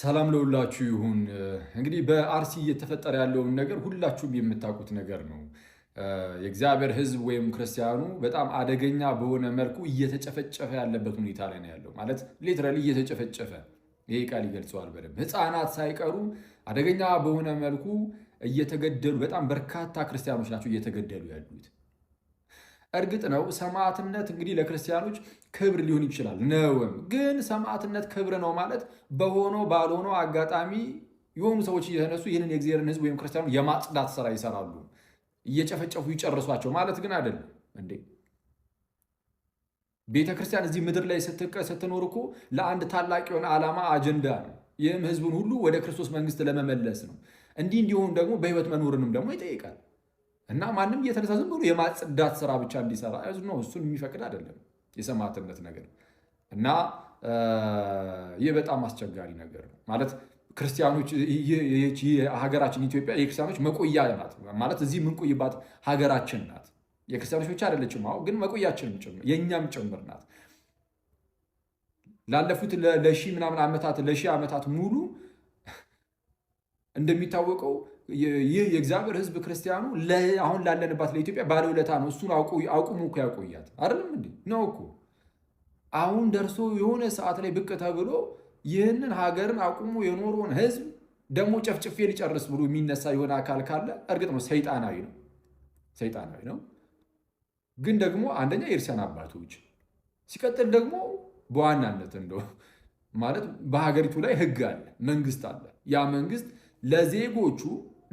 ሰላም ለሁላችሁ ይሁን። እንግዲህ በአርሲ እየተፈጠረ ያለውን ነገር ሁላችሁም የምታውቁት ነገር ነው። የእግዚአብሔር ሕዝብ ወይም ክርስቲያኑ በጣም አደገኛ በሆነ መልኩ እየተጨፈጨፈ ያለበት ሁኔታ ላይ ነው ያለው። ማለት ሌትራሊ እየተጨፈጨፈ ይሄ ቃል ይገልጸዋል በደንብ ሕፃናት ሳይቀሩ አደገኛ በሆነ መልኩ እየተገደሉ በጣም በርካታ ክርስቲያኖች ናቸው እየተገደሉ ያሉት። እርግጥ ነው ሰማዕትነት እንግዲህ ለክርስቲያኖች ክብር ሊሆን ይችላል ነውም። ግን ሰማዕትነት ክብር ነው ማለት በሆኖ ባልሆኖ አጋጣሚ የሆኑ ሰዎች እየተነሱ ይህንን የእግዚአብሔርን ሕዝብ ወይም ክርስቲያኑ የማጽዳት ስራ ይሰራሉ፣ እየጨፈጨፉ ይጨርሷቸው ማለት ግን አይደለም እንዴ። ቤተ ክርስቲያን እዚህ ምድር ላይ ስትኖር እኮ ለአንድ ታላቅ የሆነ ዓላማ አጀንዳ ነው። ይህም ሕዝቡን ሁሉ ወደ ክርስቶስ መንግስት ለመመለስ ነው። እንዲህ እንዲሆን ደግሞ በህይወት መኖርንም ደግሞ ይጠይቃል። እና ማንም እየተነሳ ዝም ብሎ የማጽዳት ስራ ብቻ እንዲሰራ ነው እሱን የሚፈቅድ አይደለም የሰማዕትነት ነገር እና ይህ በጣም አስቸጋሪ ነገር ነው ማለት ክርስቲያኖች ሀገራችን ኢትዮጵያ የክርስቲያኖች መቆያ ናት ማለት እዚህ የምንቆይባት ሀገራችን ናት የክርስቲያኖች ብቻ አይደለችም አሁ ግን መቆያችንም ጭምር የእኛም ጭምር ናት ላለፉት ለሺ ምናምን ዓመታት ለሺ ዓመታት ሙሉ እንደሚታወቀው ይህ የእግዚአብሔር ሕዝብ ክርስቲያኑ አሁን ላለንባት ለኢትዮጵያ ባለውለታ ነው። እሱን አቁሙ እኮ ያቆያት አይደለም እንዴ? ነው እኮ አሁን ደርሶ የሆነ ሰዓት ላይ ብቅ ተብሎ ይህንን ሀገርን አቁሙ የኖረውን ሕዝብ ደግሞ ጨፍጭፌ ሊጨርስ ብሎ የሚነሳ የሆነ አካል ካለ እርግጥ ነው ሰይጣናዊ ነው፣ ሰይጣናዊ ነው። ግን ደግሞ አንደኛ የእርሲያን አባቶች ሲቀጥል ደግሞ በዋናነት እንደው ማለት በሀገሪቱ ላይ ህግ አለ፣ መንግስት አለ። ያ መንግስት ለዜጎቹ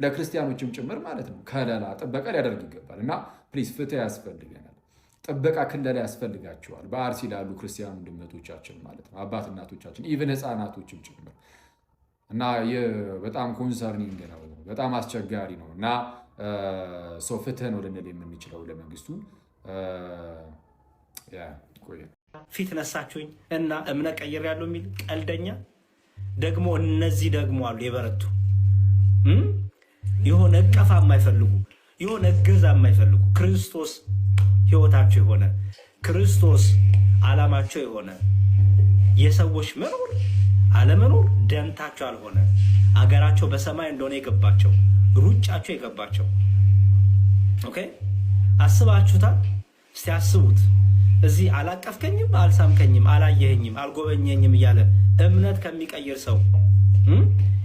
ለክርስቲያኖችም ጭምር ማለት ነው ከለላ ጥበቃ ሊያደርግ ይገባል። እና ፕሊዝ ፍትህ ያስፈልገናል። ጥበቃ ክለላ ያስፈልጋቸዋል። በአርሲ ላሉ ክርስቲያን ወንድመቶቻችን ማለት ነው አባት እናቶቻችን፣ ኢቨን ህፃናቶችም ጭምር እና በጣም ኮንሰርኒንግ ነው፣ በጣም አስቸጋሪ ነው እና ሰው ፍትህን ወደ ነል የምንችለው ለመንግስቱ ፊት ነሳችሁኝ እና እምነት ቀይር ያለው የሚል ቀልደኛ ደግሞ እነዚህ ደግሞ አሉ የበረቱ የሆነ እቀፋ የማይፈልጉ የሆነ እገዛ የማይፈልጉ ክርስቶስ ህይወታቸው የሆነ ክርስቶስ አላማቸው የሆነ የሰዎች መኖር አለመኖር ደንታቸው አልሆነ አገራቸው በሰማይ እንደሆነ የገባቸው ሩጫቸው የገባቸው ኦኬ አስባችሁታል? እስቲ አስቡት። እዚህ አላቀፍከኝም፣ አልሳምከኝም፣ አላየኸኝም፣ አልጎበኘኝም እያለ እምነት ከሚቀይር ሰው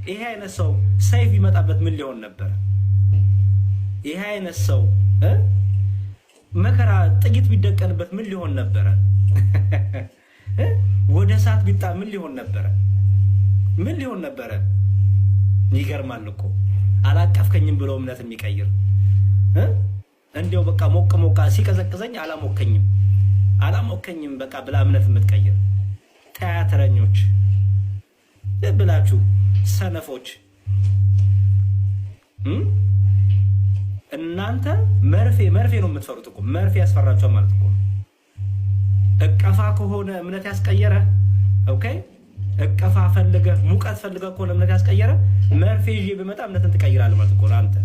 ይሄ አይነት ሰው ሰይፍ ይመጣበት ምን ሊሆን ነበር ይሄ አይነት ሰው መከራ ጥቂት ቢደቀንበት ምን ሊሆን ነበረ? ወደ እሳት ቢጣ ምን ሊሆን ነበረ? ምን ሊሆን ነበረ? ይገርማል እኮ አላቀፍከኝም ብሎ እምነት የሚቀይር እንዲያው በቃ ሞቅ ሞቃ ሲቀዘቅዘኝ አላሞከኝም አላሞከኝም በቃ ብላ እምነት የምትቀይር ተያትረኞች ብላችሁ ሰነፎች እናንተ መርፌ መርፌ ነው የምትፈሩት እኮ መርፌ ያስፈራቸው ማለት እኮ እቀፋ ከሆነ እምነት ያስቀየረ ኦኬ እቀፋ ፈልገ ሙቀት ፈልገ ከሆነ እምነት ያስቀየረ መርፌ ይዤ ብመጣ እምነትን ትቀይራለህ ማለት እኮ አንተ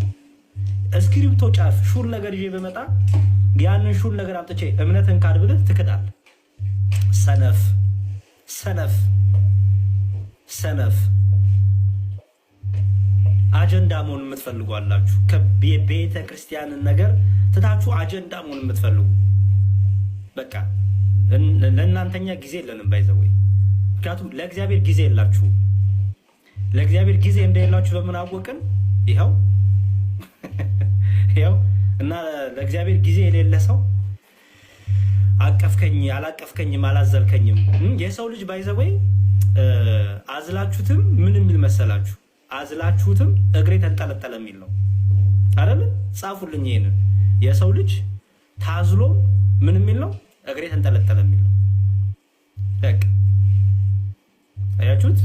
እስክሪብቶ ጫፍ ሹል ነገር ይዤ ብመጣ ያንን ሹል ነገር አምጥቼ እምነትን ካድ ብልህ ትክዳል ሰነፍ ሰነፍ ሰነፍ አጀንዳ መሆን የምትፈልጉ አላችሁ። ከቤተ ክርስቲያንን ነገር ትታችሁ አጀንዳ መሆን የምትፈልጉ በቃ ለእናንተኛ ጊዜ የለንም ባይዘወይ። ምክንያቱም ለእግዚአብሔር ጊዜ የላችሁ። ለእግዚአብሔር ጊዜ እንደሌላችሁ በምን አወቅን? ይኸው ይኸው እና ለእግዚአብሔር ጊዜ የሌለ ሰው አቀፍከኝ አላቀፍከኝም አላዘልከኝም የሰው ልጅ ባይዘወይ አዝላችሁትም ምን የሚል መሰላችሁ አዝላችሁትም እግሬ ተንጠለጠለ የሚል ነው አይደለ? ጻፉልኝ ይሄንን። የሰው ልጅ ታዝሎ ምን የሚል ነው? እግሬ ተንጠለጠለ የሚል ነው። በቃ አያችሁት?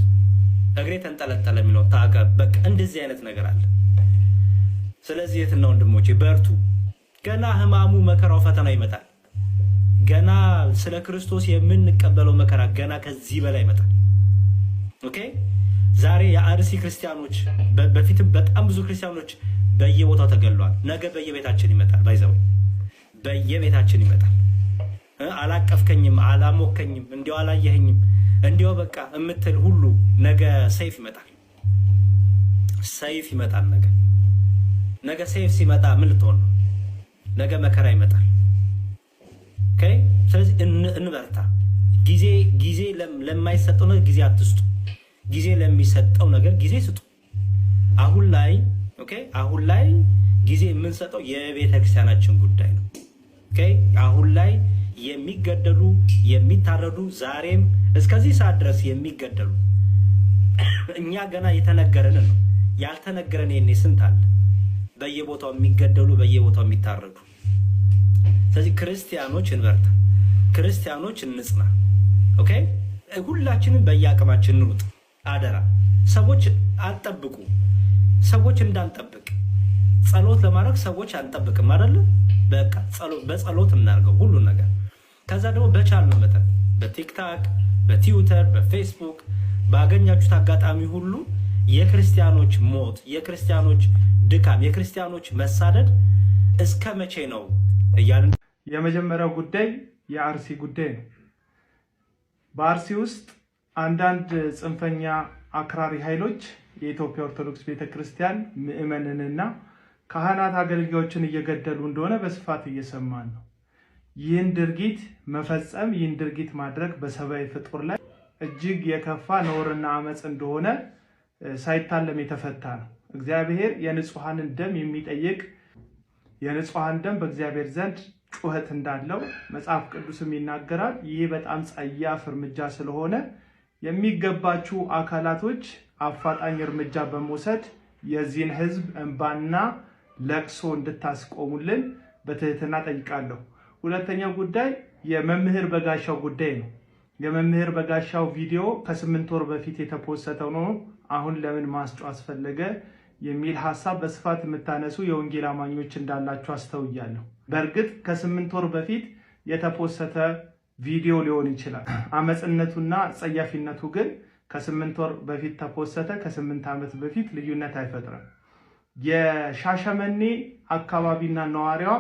እግሬ ተንጠለጠለ የሚለው ታጋ በቃ እንደዚህ አይነት ነገር አለ። ስለዚህ የትና ወንድሞቼ በርቱ። ገና ህማሙ፣ መከራው፣ ፈተና ይመጣል። ገና ስለ ክርስቶስ የምንቀበለው መከራ ገና ከዚህ በላይ ይመጣል። ኦኬ ዛሬ የአርሲ ክርስቲያኖች በፊትም በጣም ብዙ ክርስቲያኖች በየቦታው ተገሏል። ነገ በየቤታችን ይመጣል። ባይዘው በየቤታችን ይመጣል። አላቀፍከኝም፣ አላሞከኝም፣ እንዲያው አላየኸኝም፣ እንዲያው በቃ የምትል ሁሉ ነገ ሰይፍ ይመጣል። ሰይፍ ይመጣል። ነገ ነገ ሰይፍ ሲመጣ ምን ልትሆን ነው? ነገ መከራ ይመጣል። ስለዚህ እንበርታ። ጊዜ ጊዜ ለማይሰጠው ነገር ጊዜ አትስጡ። ጊዜ ለሚሰጠው ነገር ጊዜ ስጡ። አሁን ላይ ኦኬ፣ አሁን ላይ ጊዜ የምንሰጠው የቤተ ክርስቲያናችን ጉዳይ ነው። ኦኬ፣ አሁን ላይ የሚገደሉ የሚታረዱ፣ ዛሬም እስከዚህ ሰዓት ድረስ የሚገደሉ እኛ ገና የተነገረን ነው። ያልተነገረን የኔ ስንት አለ በየቦታው የሚገደሉ በየቦታው የሚታረዱ። ስለዚህ ክርስቲያኖች እንበርታ፣ ክርስቲያኖች እንጽና። ኦኬ፣ ሁላችንም በየአቅማችን እንሩጥ። አደራ ሰዎች አጠብቁ። ሰዎች እንዳንጠብቅ ጸሎት ለማድረግ ሰዎች አንጠብቅም አይደለ? በቃ በጸሎት እናድርገው ሁሉ ነገር። ከዛ ደግሞ በቻልነው መጠን በቲክታክ፣ በትዊተር፣ በፌስቡክ ባገኛችሁት አጋጣሚ ሁሉ የክርስቲያኖች ሞት፣ የክርስቲያኖች ድካም፣ የክርስቲያኖች መሳደድ እስከ መቼ ነው እያልን የመጀመሪያው ጉዳይ የአርሲ ጉዳይ ነው። በአርሲ ውስጥ አንዳንድ ጽንፈኛ አክራሪ ኃይሎች የኢትዮጵያ ኦርቶዶክስ ቤተ ክርስቲያን ምዕመንንና ካህናት አገልጋዮችን እየገደሉ እንደሆነ በስፋት እየሰማን ነው። ይህን ድርጊት መፈጸም ይህን ድርጊት ማድረግ በሰብአዊ ፍጡር ላይ እጅግ የከፋ ነውርና አመፅ እንደሆነ ሳይታለም የተፈታ ነው። እግዚአብሔር የንጹሐንን ደም የሚጠይቅ የንጹሐን ደም በእግዚአብሔር ዘንድ ጩኸት እንዳለው መጽሐፍ ቅዱስም ይናገራል። ይህ በጣም ጸያፍ እርምጃ ስለሆነ የሚገባችው አካላቶች አፋጣኝ እርምጃ በመውሰድ የዚህን ህዝብ እንባና ለቅሶ እንድታስቆሙልን በትህትና ጠይቃለሁ። ሁለተኛው ጉዳይ የመምህር በጋሻው ጉዳይ ነው። የመምህር በጋሻው ቪዲዮ ከስምንት ወር በፊት የተፖሰተው ነው። አሁን ለምን ማስጮ አስፈለገ የሚል ሀሳብ በስፋት የምታነሱ የወንጌል አማኞች እንዳላችሁ አስተውያለሁ። በእርግጥ ከስምንት ወር በፊት የተፖሰተ ቪዲዮ ሊሆን ይችላል። አመፅነቱና ጸያፊነቱ ግን ከስምንት ወር በፊት ተፖሰተ ከስምንት ዓመት በፊት ልዩነት አይፈጥርም። የሻሸመኔ አካባቢና ነዋሪዋ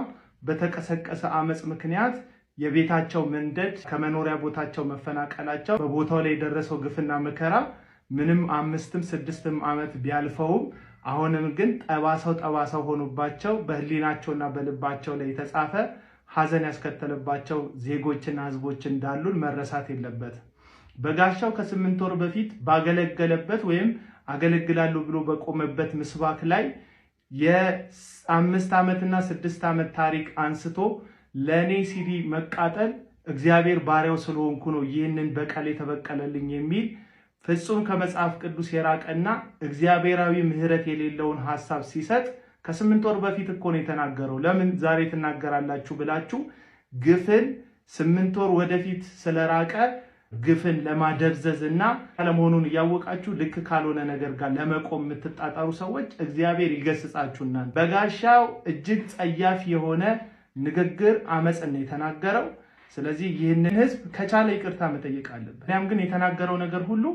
በተቀሰቀሰ አመፅ ምክንያት የቤታቸው መንደድ፣ ከመኖሪያ ቦታቸው መፈናቀላቸው፣ በቦታው ላይ የደረሰው ግፍና መከራ ምንም አምስትም ስድስትም ዓመት ቢያልፈውም አሁንም ግን ጠባሳው ጠባሳው ሆኖባቸው በህሊናቸውና በልባቸው ላይ የተጻፈ ሀዘን ያስከተለባቸው ዜጎችና ህዝቦች እንዳሉን መረሳት የለበት። በጋሻው ከስምንት ወር በፊት ባገለገለበት ወይም አገለግላለሁ ብሎ በቆመበት ምስባክ ላይ የአምስት ዓመትና ስድስት ዓመት ታሪክ አንስቶ ለእኔ ሲዲ መቃጠል እግዚአብሔር ባሪያው ስለሆንኩ ነው ይህንን በቀል የተበቀለልኝ የሚል ፍጹም ከመጽሐፍ ቅዱስ የራቀና እግዚአብሔራዊ ምሕረት የሌለውን ሐሳብ ሲሰጥ ከስምንት ወር በፊት እኮ ነው የተናገረው። ለምን ዛሬ ትናገራላችሁ ብላችሁ ግፍን ስምንት ወር ወደፊት ስለራቀ ግፍን ለማደብዘዝ እና ለመሆኑን እያወቃችሁ ልክ ካልሆነ ነገር ጋር ለመቆም የምትጣጠሩ ሰዎች እግዚአብሔር ይገስጻችሁና በጋሻው እጅግ ጸያፍ የሆነ ንግግር አመፅን ነው የተናገረው። ስለዚህ ይህንን ህዝብ ከቻለ ይቅርታ መጠየቅ አለበት። ያም ግን የተናገረው ነገር ሁሉ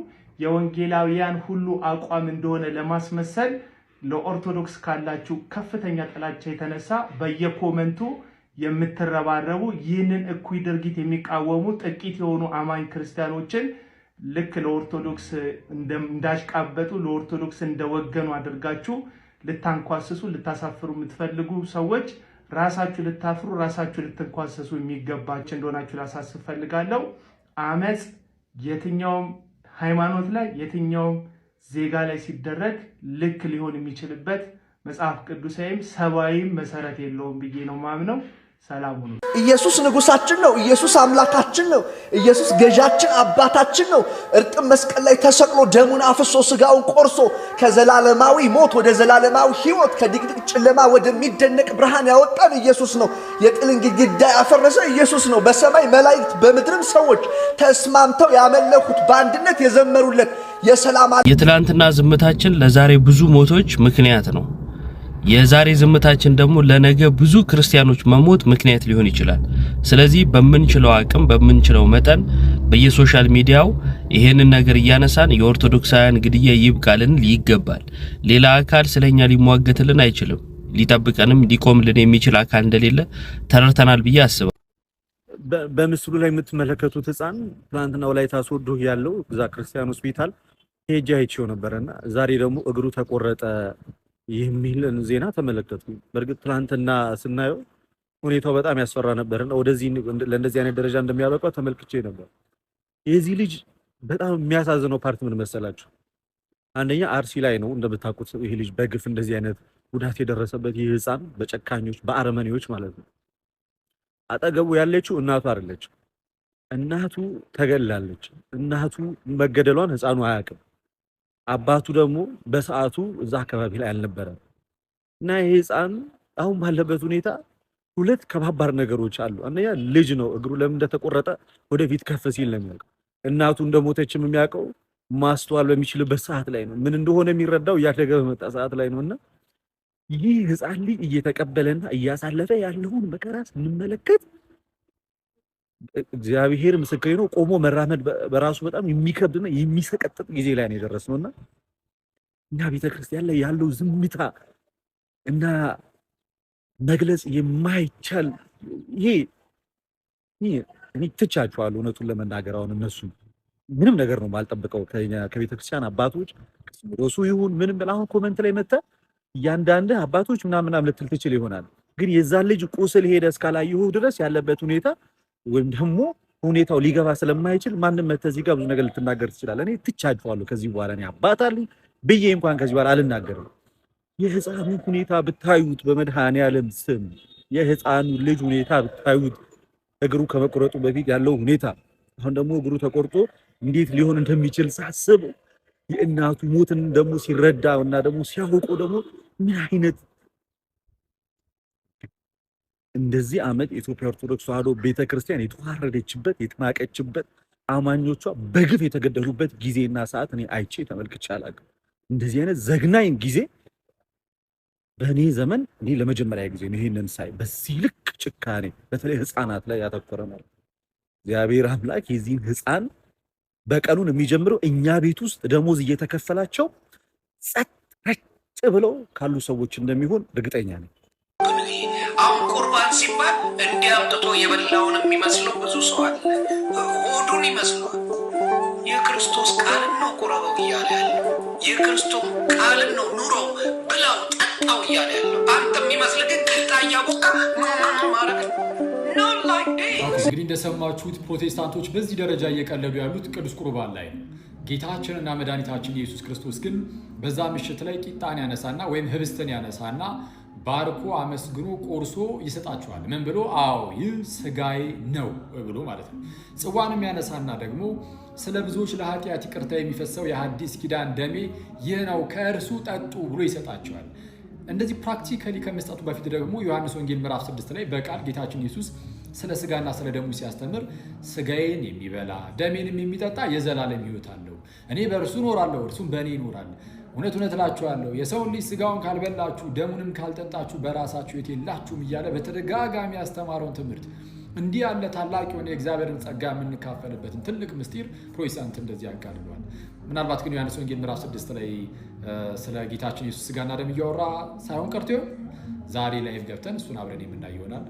የወንጌላውያን ሁሉ አቋም እንደሆነ ለማስመሰል ለኦርቶዶክስ ካላችሁ ከፍተኛ ጥላቻ የተነሳ በየኮመንቱ የምትረባረቡ ይህንን እኩይ ድርጊት የሚቃወሙ ጥቂት የሆኑ አማኝ ክርስቲያኖችን ልክ ለኦርቶዶክስ እንዳሽቃበጡ ለኦርቶዶክስ እንደወገኑ አድርጋችሁ ልታንኳስሱ ልታሳፍሩ የምትፈልጉ ሰዎች ራሳችሁ ልታፍሩ ራሳችሁ ልትንኳሰሱ የሚገባቸው እንደሆናችሁ ላሳስብ ፈልጋለሁ። አመፅ የትኛውም ሃይማኖት ላይ የትኛውም ዜጋ ላይ ሲደረግ ልክ ሊሆን የሚችልበት መጽሐፍ ቅዱሳዊም ሰብአዊም መሰረት የለውም ብዬ ነው ማምነው። ሰላም ሁኑ። ኢየሱስ ንጉሳችን ነው። ኢየሱስ አምላካችን ነው። ኢየሱስ ገዣችን፣ አባታችን ነው። እርጥብ መስቀል ላይ ተሰቅሎ ደሙን አፍሶ ስጋውን ቆርሶ ከዘላለማዊ ሞት ወደ ዘላለማዊ ሕይወት ከድቅድቅ ጨለማ ወደሚደነቅ ብርሃን ያወጣን ኢየሱስ ነው። የጥልን ግድግዳ ያፈረሰ ኢየሱስ ነው። በሰማይ መላእክት በምድርም ሰዎች ተስማምተው ያመለኩት በአንድነት የዘመሩለት የሰላም የትላንትና ዝምታችን ለዛሬ ብዙ ሞቶች ምክንያት ነው። የዛሬ ዝምታችን ደግሞ ለነገ ብዙ ክርስቲያኖች መሞት ምክንያት ሊሆን ይችላል። ስለዚህ በምንችለው አቅም በምንችለው መጠን በየሶሻል ሚዲያው ይሄንን ነገር እያነሳን የኦርቶዶክሳውያን ግድያ ይብቃልን ይገባል። ሌላ አካል ስለኛ ሊሟገትልን አይችልም። ሊጠብቀንም ሊቆምልን የሚችል አካል እንደሌለ ተረድተናል ብዬ አስባለሁ። በምስሉ ላይ የምትመለከቱት ህፃን ትናንትና ወላይታ ሶዶ ያለው እዛ ክርስቲያን ሆስፒታል ሄጄ አይቼው ነበረ ዛሬ ደግሞ እግሩ ተቆረጠ የሚልን ዜና ተመለከቱ። በእርግጥ ትናንትና ስናየው ሁኔታው በጣም ያስፈራ ነበርና ወደዚህ ለእንደዚህ አይነት ደረጃ እንደሚያበቃ ተመልክቼ ነበር። የዚህ ልጅ በጣም የሚያሳዝነው ፓርት ምን መሰላችሁ? አንደኛ አርሲ ላይ ነው እንደምታውቁት ይህ ልጅ በግፍ እንደዚህ አይነት ጉዳት የደረሰበት ይህ ህፃን በጨካኞች በአረመኔዎች ማለት ነው። አጠገቡ ያለችው እናቱ አይደለችም። እናቱ ተገላለች። እናቱ መገደሏን ህፃኑ አያውቅም። አባቱ ደግሞ በሰዓቱ እዛ አካባቢ ላይ አልነበረም እና ይሄ ህፃን አሁን ባለበት ሁኔታ ሁለት ከባባር ነገሮች አሉ። አንደኛ ልጅ ነው፣ እግሩ ለምን እንደተቆረጠ ወደፊት ከፍ ሲል ነው የሚያውቀው። እናቱ እንደሞተችም የሚያውቀው ማስተዋል በሚችልበት ሰዓት ላይ ነው። ምን እንደሆነ የሚረዳው እያደገ በመጣ ሰዓት ላይ ነውና ይህ ህፃን ልጅ እየተቀበለና እያሳለፈ ያለውን መከራ ስንመለከት እግዚአብሔር ምስክሬ ነው። ቆሞ መራመድ በራሱ በጣም የሚከብድና የሚሰቀጥጥ ጊዜ ላይ ነው የደረስነው እና እኛ ቤተክርስቲያን ላይ ያለው ዝምታ እና መግለጽ የማይቻል ይሄ እኔ ትቻችኋለሁ። እውነቱን ለመናገር አሁን እነሱ ምንም ነገር ነው የማልጠብቀው ከቤተክርስቲያን አባቶች ሮሱ ይሁን ምንም ብላ አሁን ኮመንት ላይ መተ እያንዳንድ አባቶች ምናምናም ልትል ትችል ይሆናል። ግን የዛን ልጅ ቁስል ሄደ እስካላየሁ ድረስ ያለበት ሁኔታ ወይም ደግሞ ሁኔታው ሊገባ ስለማይችል ማንም መተህ እዚህ ጋር ብዙ ነገር ልትናገር ትችላለህ። እኔ ትቻችኋለሁ። ከዚህ በኋላ እኔ አባት አለኝ ብዬ እንኳን ከዚህ በኋላ አልናገርም። የህፃኑ ሁኔታ ብታዩት፣ በመድኃኔዓለም ስም የህፃኑ ልጅ ሁኔታ ብታዩት፣ እግሩ ከመቁረጡ በፊት ያለው ሁኔታ፣ አሁን ደግሞ እግሩ ተቆርጦ እንዴት ሊሆን እንደሚችል ሳስብ፣ የእናቱ ሞትን ደግሞ ሲረዳ እና ደግሞ ሲያውቁ ደግሞ ምን አይነት እንደዚህ ዓመት የኢትዮጵያ ኦርቶዶክስ ተዋህዶ ቤተክርስቲያን የተዋረደችበት የተናቀችበት አማኞቿ በግፍ የተገደሉበት ጊዜና ሰዓት እኔ አይቼ ተመልክቼ አላውቅም። እንደዚህ አይነት ዘግናኝ ጊዜ በእኔ ዘመን እኔ ለመጀመሪያ ጊዜ ነው ይህንን ሳይ፣ በዚህ ልክ ጭካኔ በተለይ ህፃናት ላይ ያተኮረ ማለት እግዚአብሔር አምላክ የዚህን ህፃን በቀሉን የሚጀምረው እኛ ቤት ውስጥ ደሞዝ እየተከፈላቸው ጸጥ ረጭ ብለው ካሉ ሰዎች እንደሚሆን እርግጠኛ ነኝ። አሁን ቁርባን ሲባል እንዲህ አምጥቶ የበላውን የሚመስለው ብዙ ሰው አለ። ሆዱን ይመስለዋል። የክርስቶስ ቃልን ነው ቁረበው እያለ ያለው። የክርስቶስ ቃልን ነው ኑሮ ብላው፣ ጠጣው እያለ ያለው። አንተ የሚመስል ግን ቂጣ እያቦካ ምንም ማድረግ ነው እንግዲህ እንደሰማችሁት ፕሮቴስታንቶች በዚህ ደረጃ እየቀለዱ ያሉት ቅዱስ ቁርባን ላይ ነው። ጌታችንና መድኃኒታችን ኢየሱስ ክርስቶስ ግን በዛ ምሽት ላይ ቂጣን ያነሳና ወይም ህብስትን ያነሳና ባርኮ አመስግኖ ቆርሶ ይሰጣችኋል። ምን ብሎ? አዎ ይህ ስጋዬ ነው ብሎ ማለት ነው። ጽዋንም ያነሳና ደግሞ ስለ ብዙዎች ለኃጢአት ይቅርታ የሚፈሰው የሐዲስ ኪዳን ደሜ ይህ ነው፣ ከእርሱ ጠጡ ብሎ ይሰጣቸዋል። እንደዚህ ፕራክቲካሊ ከመስጠቱ በፊት ደግሞ ዮሐንስ ወንጌል ምዕራፍ 6 ላይ በቃል ጌታችን ኢየሱስ ስለ ስጋና ስለ ደሙ ሲያስተምር ስጋዬን የሚበላ ደሜንም የሚጠጣ የዘላለም ሕይወት አለው፣ እኔ በእርሱ እኖራለሁ፣ እርሱም በእኔ ይኖራል እውነት እውነት እላችኋለሁ የሰውን ልጅ ስጋውን ካልበላችሁ ደሙንም ካልጠጣችሁ በራሳችሁ ሕይወት የላችሁም እያለ በተደጋጋሚ ያስተማረውን ትምህርት እንዲህ ያለ ታላቅ የሆነ የእግዚአብሔርን ጸጋ የምንካፈልበትን ትልቅ ምስጢር ፕሮቴስታንት እንደዚህ ያጋልሏል። ምናልባት ግን ዮሐንስ ወንጌል ምዕራፍ ስድስት ላይ ስለ ጌታችን ኢየሱስ ስጋና ደም እያወራ ሳይሆን ቀርቶ ዛሬ ላይቭ ገብተን እሱን አብረን የምናይ ይሆናል።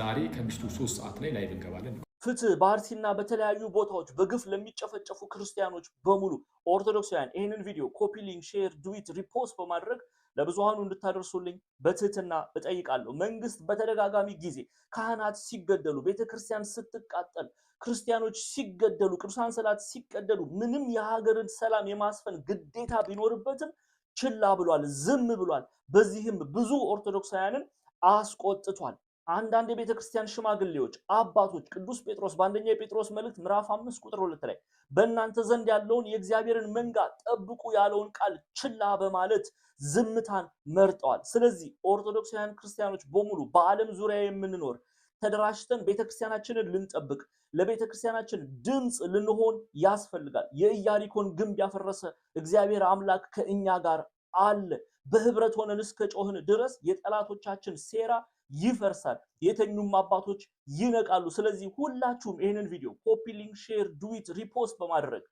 ዛሬ ከምሽቱ ሶስት ሰዓት ላይ ላይቭ እንገባለን። ፍትህ በአርሲና በተለያዩ ቦታዎች በግፍ ለሚጨፈጨፉ ክርስቲያኖች በሙሉ ኦርቶዶክሳውያን ይህንን ቪዲዮ ኮፒ ሊንክ፣ ሼር፣ ድዊት፣ ሪፖስት በማድረግ ለብዙሃኑ እንድታደርሱልኝ በትህትና እጠይቃለሁ። መንግስት በተደጋጋሚ ጊዜ ካህናት ሲገደሉ፣ ቤተክርስቲያን ስትቃጠል፣ ክርስቲያኖች ሲገደሉ፣ ቅዱሳን ሰላት ሲቀደሉ ምንም የሀገርን ሰላም የማስፈን ግዴታ ቢኖርበትም ችላ ብሏል፣ ዝም ብሏል። በዚህም ብዙ ኦርቶዶክሳውያንን አስቆጥቷል። አንዳንድ የቤተ ክርስቲያን ሽማግሌዎች፣ አባቶች ቅዱስ ጴጥሮስ በአንደኛ የጴጥሮስ መልእክት ምዕራፍ አምስት ቁጥር ሁለት ላይ በእናንተ ዘንድ ያለውን የእግዚአብሔርን መንጋ ጠብቁ ያለውን ቃል ችላ በማለት ዝምታን መርጠዋል። ስለዚህ ኦርቶዶክሳውያን ክርስቲያኖች በሙሉ በዓለም ዙሪያ የምንኖር ተደራጅተን ቤተ ክርስቲያናችንን ልንጠብቅ ለቤተ ክርስቲያናችን ድምፅ ልንሆን ያስፈልጋል። የኢያሪኮን ግንብ ያፈረሰ እግዚአብሔር አምላክ ከእኛ ጋር አለ። በህብረት ሆነን እስከ ጮህን ድረስ የጠላቶቻችን ሴራ ይፈርሳል፣ የተኙም አባቶች ይነቃሉ። ስለዚህ ሁላችሁም ይህንን ቪዲዮ ኮፒ ሊንክ፣ ሼር፣ ዱዊት፣ ሪፖስት በማድረግ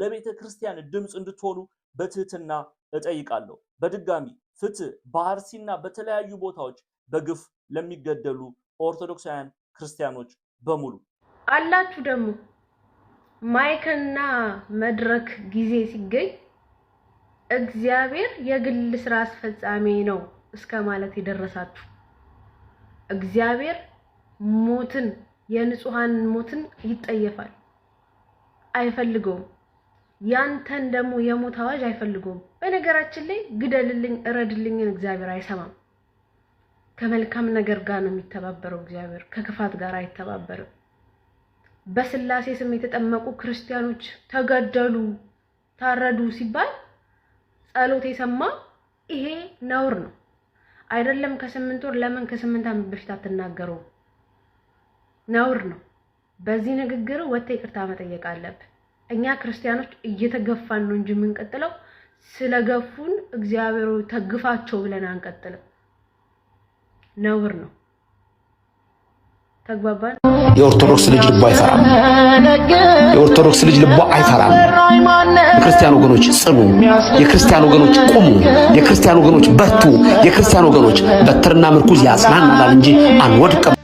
ለቤተ ክርስቲያን ድምፅ እንድትሆኑ በትህትና እጠይቃለሁ። በድጋሚ ፍትህ በአርሲና በተለያዩ ቦታዎች በግፍ ለሚገደሉ ኦርቶዶክሳውያን ክርስቲያኖች በሙሉ አላችሁ ደግሞ ማይክና መድረክ ጊዜ ሲገኝ እግዚአብሔር የግል ስራ አስፈጻሚ ነው እስከ ማለት የደረሳችሁ እግዚአብሔር ሞትን የንጹሃን ሞትን ይጠየፋል፣ አይፈልገውም። ያንተን ደግሞ የሞት አዋጅ አይፈልገውም። በነገራችን ላይ ግደልልኝ፣ እረድልኝን እግዚአብሔር አይሰማም። ከመልካም ነገር ጋር ነው የሚተባበረው እግዚአብሔር ከክፋት ጋር አይተባበርም። በስላሴ ስም የተጠመቁ ክርስቲያኖች ተገደሉ፣ ታረዱ ሲባል ጸሎት የሰማ ይሄ ነውር ነው አይደለም። ከስምንት ወር ለምን ከስምንት ዓመት በፊት አትናገረው? ነውር ነው። በዚህ ንግግር ወጥተ ይቅርታ መጠየቅ አለብን። እኛ ክርስቲያኖች እየተገፋን ነው እንጂ የምንቀጥለው ስለገፉን እግዚአብሔር ተግፋቸው ብለን አንቀጥልም። ነውር ነው። የኦርቶዶክስ ልጅ ልቦ አይፈራም። የኦርቶዶክስ ልጅ ልቦ አይፈራም። የክርስቲያን ወገኖች ጽኑ፣ የክርስቲያን ወገኖች ቁሙ፣ የክርስቲያን ወገኖች በርቱ፣ የክርስቲያን ወገኖች በትርና ምርኩዝ ያጽናናል እንጂ አንወድቅም።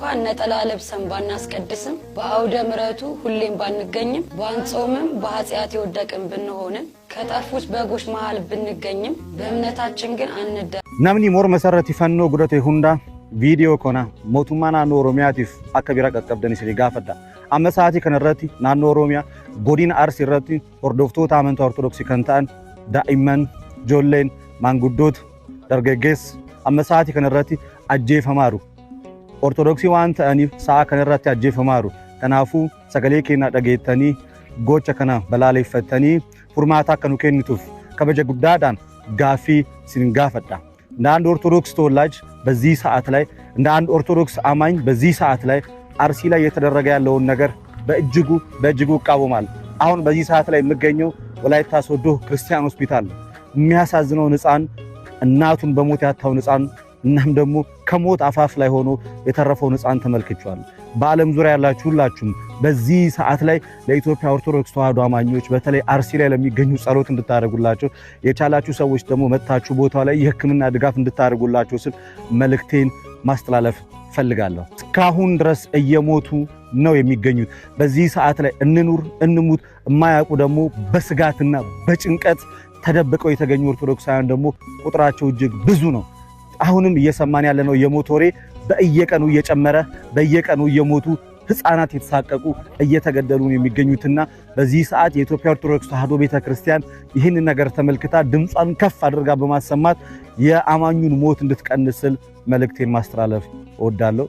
እንኳን ነጠላ ለብሰን ባናስቀድስም በአውደ ምረቱ ሁሌም ባንገኝም ባንጾምም በኃጢአት የወደቅን ብንሆንም ከጠፉት በጎች መሃል ብንገኝም በእምነታችን ግን አንደ ናምኒ ሞር መሰረት ይፈኖ ጉደቴ ሁንዳ ቪዲዮ ኮና ሞቱማ ናኖ ኦሮሚያቲፍ አከ ቢራ ቀቀብደን ስሊ ጋፈዳ አመሳቲ ከነረቲ ናኖ ኦሮሚያ ጎዲን አርሲ ረቲ ሆርዶፍቶታ አመንቶ ኦርቶዶክሲ ከንታን ዳኢመን ጆሌን ማንጉዶት ደርገጌስ አመሳቲ ከነረቲ ከነ ረቲ አጄፈማሩ Ortodoksii waan ta'aniif sa'a kanarratti ajjeefamaaru. Kanaafuu sagalee kennaa dhageettanii gocha kana balaaleffattanii furmaata akka nu kennituuf kabaja guddaadhaan gaaffii sin gaafadha። እንደ አንድ ኦርቶዶክስ ተወላጅ በዚህ ሰዓት ላይ እንደ አንድ ኦርቶዶክስ አማኝ በዚህ ሰዓት ላይ አርሲ ላይ እየተደረገ ያለውን ነገር በእጅጉ በእጅጉ እቃወማለሁ። አሁን በዚህ ሰዓት ላይ የምገኘው ወላይታ ሶዶ ክርስቲያን ሆስፒታል የሚያሳዝነውን ሕፃን እናቱን በሞት ያጣውን ሕፃን እናም ደግሞ ከሞት አፋፍ ላይ ሆኖ የተረፈውን ህፃን ተመልክቻለሁ። በዓለም ዙሪያ ያላችሁ ሁላችሁም በዚህ ሰዓት ላይ ለኢትዮጵያ ኦርቶዶክስ ተዋህዶ አማኞች በተለይ አርሲ ላይ ለሚገኙ ጸሎት እንድታደርጉላቸው የቻላችሁ ሰዎች ደግሞ መታችሁ ቦታ ላይ የህክምና ድጋፍ እንድታደርጉላቸው ስል መልእክቴን ማስተላለፍ ፈልጋለሁ። እስካሁን ድረስ እየሞቱ ነው የሚገኙት። በዚህ ሰዓት ላይ እንኑር እንሙት የማያውቁ ደግሞ በስጋትና በጭንቀት ተደብቀው የተገኙ ኦርቶዶክሳውያን ደግሞ ቁጥራቸው እጅግ ብዙ ነው። አሁንም እየሰማን ያለነው የሞት ወሬ በየቀኑ እየጨመረ በየቀኑ እየሞቱ ህፃናት የተሳቀቁ እየተገደሉ ነው የሚገኙትና በዚህ ሰዓት የኢትዮጵያ ኦርቶዶክስ ተዋህዶ ቤተክርስቲያን ይህንን ነገር ተመልክታ ድምጿን ከፍ አድርጋ በማሰማት የአማኙን ሞት እንድትቀንስል መልእክቴን ማስተላለፍ እወዳለሁ።